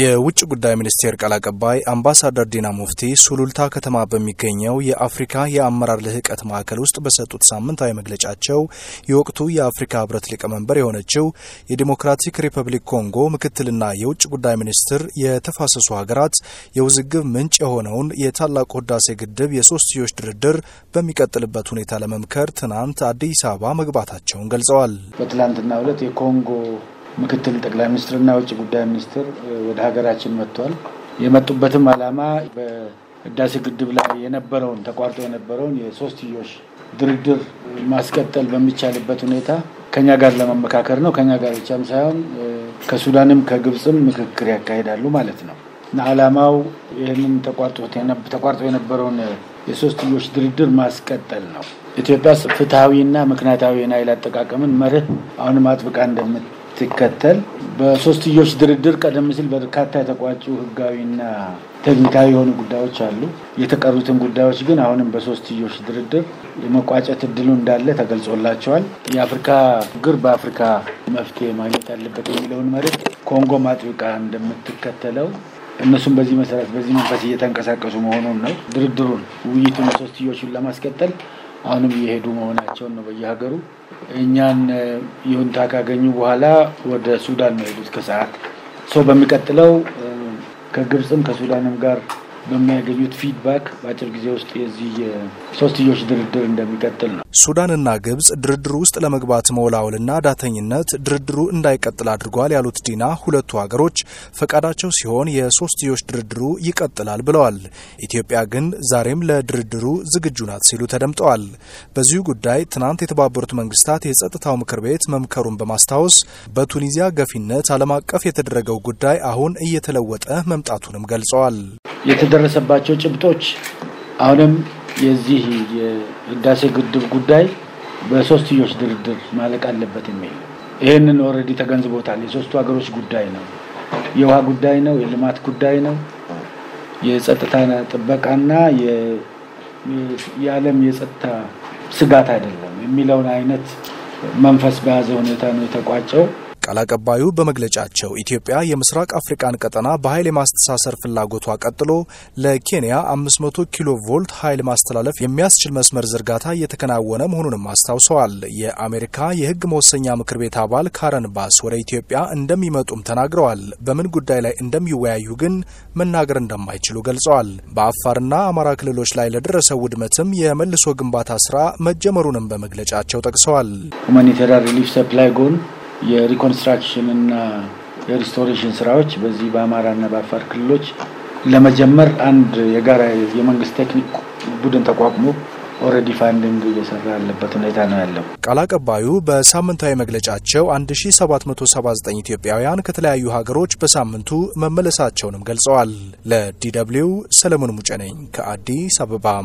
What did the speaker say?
የውጭ ጉዳይ ሚኒስቴር ቃል አቀባይ አምባሳደር ዲና ሙፍቲ ሱሉልታ ከተማ በሚገኘው የአፍሪካ የአመራር ልህቀት ማዕከል ውስጥ በሰጡት ሳምንታዊ መግለጫቸው የወቅቱ የአፍሪካ ህብረት ሊቀመንበር የሆነችው የዲሞክራቲክ ሪፐብሊክ ኮንጎ ምክትልና የውጭ ጉዳይ ሚኒስትር የተፋሰሱ ሀገራት የውዝግብ ምንጭ የሆነውን የታላቁ ህዳሴ ግድብ የሶስትዮሽ ድርድር በሚቀጥልበት ሁኔታ ለመምከር ትናንት አዲስ አበባ መግባታቸውን ገልጸዋል። በትላንትና ሁለት የኮንጎ ምክትል ጠቅላይ ሚኒስትርና ውጭ ጉዳይ ሚኒስትር ወደ ሀገራችን መጥቷል። የመጡበትም ዓላማ በህዳሴ ግድብ ላይ የነበረውን ተቋርጦ የነበረውን የሶስትዮሽ ድርድር ማስቀጠል በሚቻልበት ሁኔታ ከኛ ጋር ለመመካከር ነው። ከኛ ጋር ብቻም ሳይሆን ከሱዳንም ከግብፅም ምክክር ያካሂዳሉ ማለት ነው እና ዓላማው ይህንን ተቋርጦ የነበረውን የሶስትዮሽ ድርድር ማስቀጠል ነው። ኢትዮጵያ ፍትሐዊና ምክንያታዊ የናይል አጠቃቀምን መርህ አሁንም አጥብቃ እንደምት ሲከተል በሶስትዮሽ ድርድር ቀደም ሲል በርካታ የተቋጩ ህጋዊና ቴክኒካዊ የሆኑ ጉዳዮች አሉ። የተቀሩትን ጉዳዮች ግን አሁንም በሶስትዮሽ ድርድር የመቋጨት እድሉ እንዳለ ተገልጾላቸዋል። የአፍሪካ ችግር በአፍሪካ መፍትሄ ማግኘት አለበት የሚለውን መርህ ኮንጎ ማጥብቃ እንደምትከተለው እነሱም በዚህ መሰረት በዚህ መንፈስ እየተንቀሳቀሱ መሆኑን ነው። ድርድሩን ውይይቱን ሶስትዮቹን ለማስቀጠል አሁንም እየሄዱ መሆናቸውን ነው። በየሀገሩ እኛን ይሁንታ ካገኙ በኋላ ወደ ሱዳን ነው የሄዱት ከሰዓት ሰው በሚቀጥለው ከግብፅም ከሱዳንም ጋር በሚያገኙት ፊድባክ በአጭር ጊዜ ውስጥ የዚህ የሶስትዮሽ ድርድር እንደሚቀጥል ነው። ሱዳንና ግብጽ ድርድሩ ውስጥ ለመግባት መወላወልና ዳተኝነት ድርድሩ እንዳይቀጥል አድርጓል ያሉት ዲና ሁለቱ ሀገሮች ፈቃዳቸው ሲሆን የሶስትዮሽ ድርድሩ ይቀጥላል ብለዋል። ኢትዮጵያ ግን ዛሬም ለድርድሩ ዝግጁ ናት ሲሉ ተደምጠዋል። በዚሁ ጉዳይ ትናንት የተባበሩት መንግስታት የጸጥታው ምክር ቤት መምከሩን በማስታወስ በቱኒዚያ ገፊነት ዓለም አቀፍ የተደረገው ጉዳይ አሁን እየተለወጠ መምጣቱንም ገልጸዋል። የተደረሰባቸው ጭብጦች አሁንም የዚህ የህዳሴ ግድብ ጉዳይ በሶስትዮሽ ድርድር ማለቅ አለበት የሚል ይህንን ኦልሬዲ ተገንዝቦታል። የሶስቱ ሀገሮች ጉዳይ ነው። የውሃ ጉዳይ ነው። የልማት ጉዳይ ነው። የጸጥታ ጥበቃና የዓለም የጸጥታ ስጋት አይደለም የሚለውን አይነት መንፈስ በያዘ ሁኔታ ነው የተቋጨው። ቃል አቀባዩ በመግለጫቸው ኢትዮጵያ የምስራቅ አፍሪካን ቀጠና በኃይል የማስተሳሰር ፍላጎቷ ቀጥሎ ለኬንያ 500 ኪሎ ቮልት ኃይል ማስተላለፍ የሚያስችል መስመር ዝርጋታ እየተከናወነ መሆኑንም አስታውሰዋል። የአሜሪካ የህግ መወሰኛ ምክር ቤት አባል ካረን ባስ ወደ ኢትዮጵያ እንደሚመጡም ተናግረዋል። በምን ጉዳይ ላይ እንደሚወያዩ ግን መናገር እንደማይችሉ ገልጸዋል። በአፋርና አማራ ክልሎች ላይ ለደረሰው ውድመትም የመልሶ ግንባታ ስራ መጀመሩንም በመግለጫቸው ጠቅሰዋል። ሪሊፍ ሰፕላይ ጎን የሪኮንስትራክሽን እና የሪስቶሬሽን ስራዎች በዚህ በአማራና በአፋር ክልሎች ለመጀመር አንድ የጋራ የመንግስት ቴክኒክ ቡድን ተቋቁሞ ኦረዲ ፋንዲንግ እየሰራ ያለበት ሁኔታ ነው ያለው። ቃል አቀባዩ በሳምንታዊ መግለጫቸው 1779 ኢትዮጵያውያን ከተለያዩ ሀገሮች በሳምንቱ መመለሳቸውንም ገልጸዋል። ለዲ ሰለሞን ሙጨ ነኝ ከአዲስ አበባ።